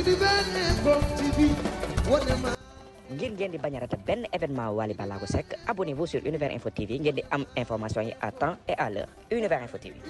ngir ngeen di bañ a benn événement Wally Ballago Seck abonnez-vous sur Univers Info TV ngeen di am information yi à temps et à l'heure Univers Info TV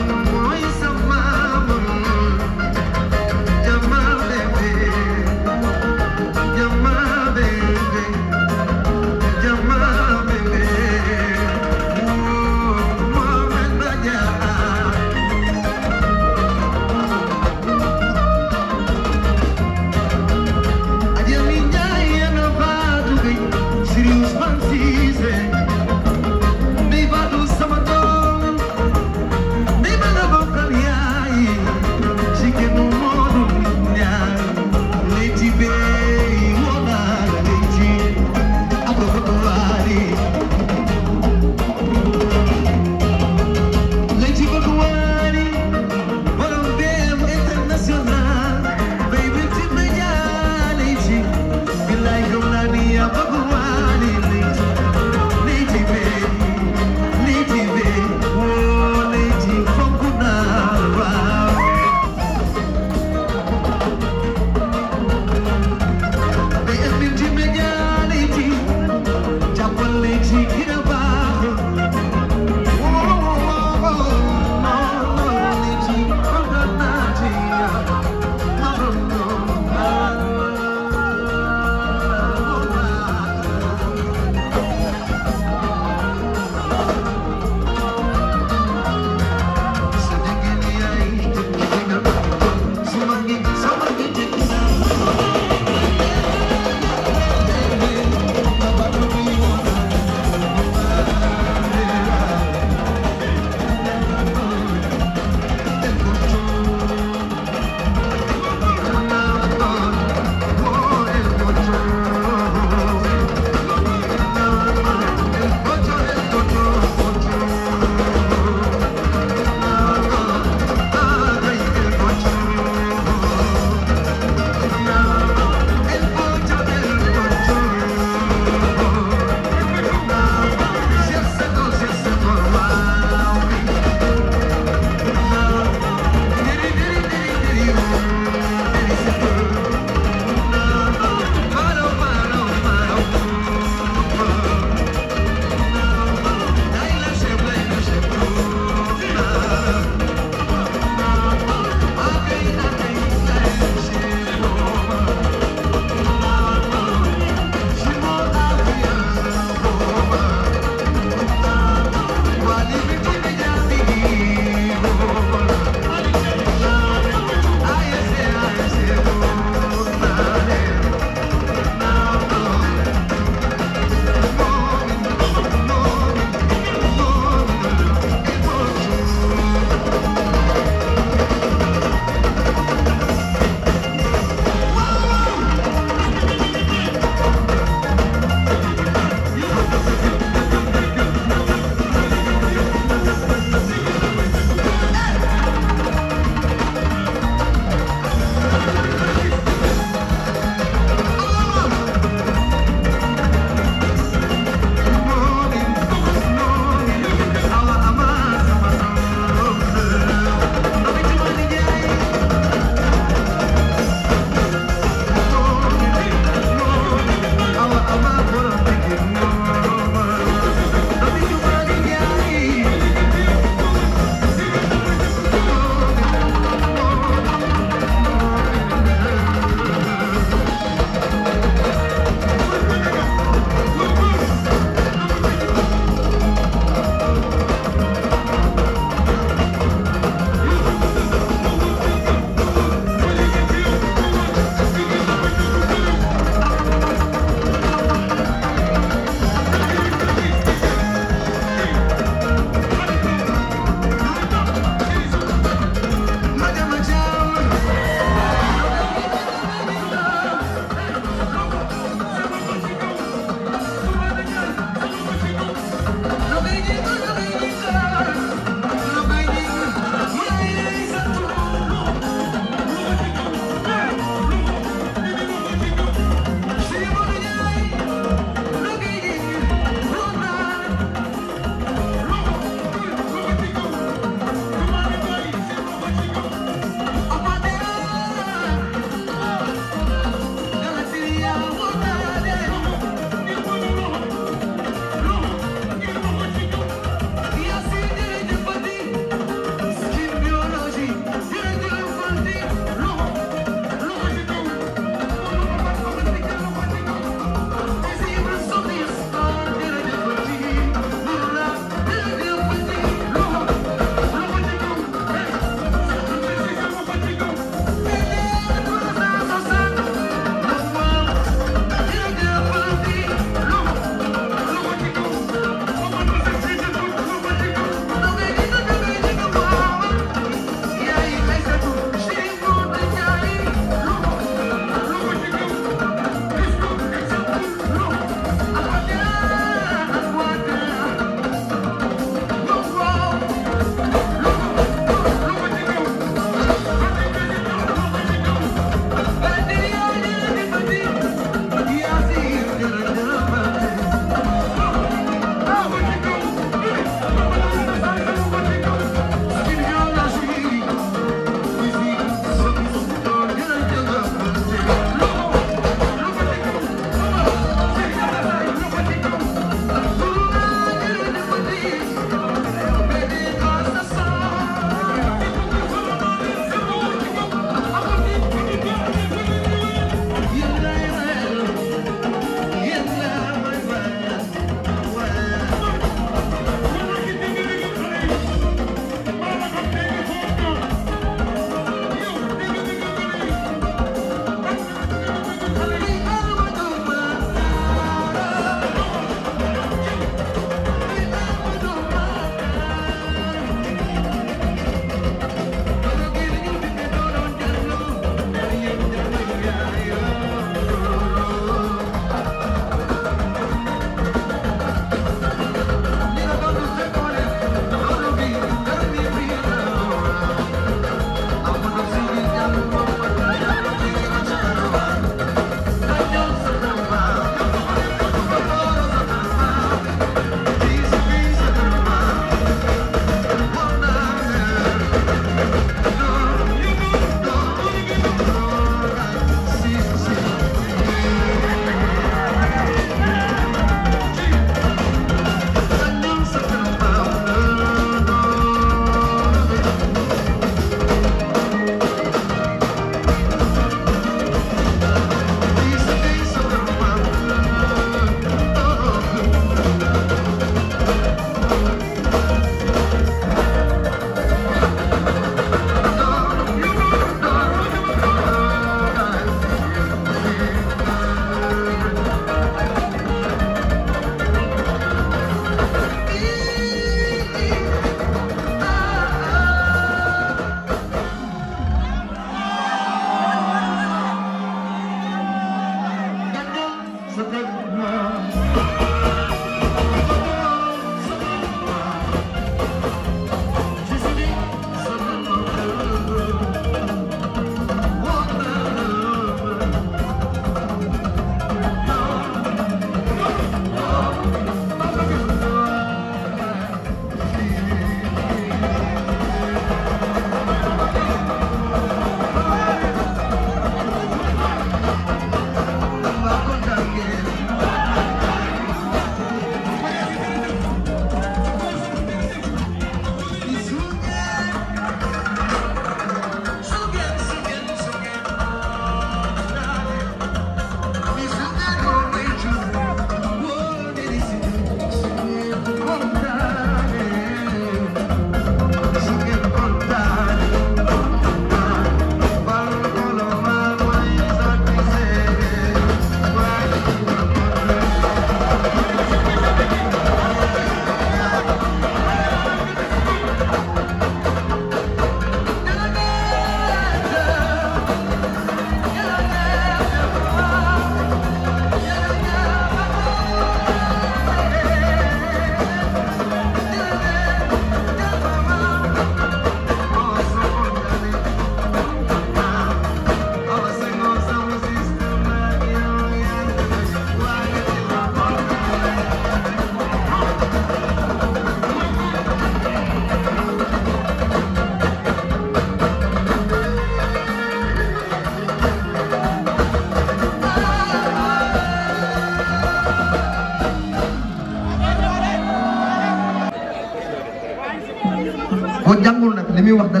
muy wax da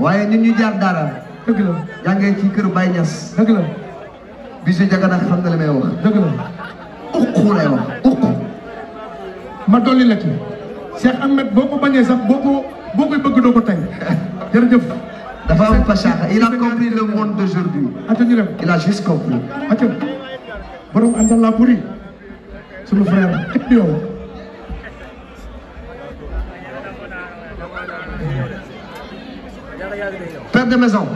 waaye ñun ñu jaar daara. dëgg la jàngee ci kër Baye Niass. dëgg la. Bijou Diagana xam na li may wax. wax uq. ma dolli la ci. Cheikh Ahmed boo ko bañee sax boo ko boo koy bëgg doo ko tey jërëjëf. dafa am fasaxa il a compris le monde d'aujourd'hui. ata ñu dem il a juste compris. ata borom àndal laa buri sunu frère yow. père de maison.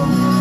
Thank you.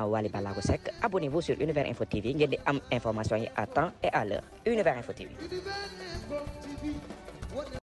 également Wally Ballago Seck abonnez-vous sur Univers Info TV ngeen information yi et à l'heure Univers Info TV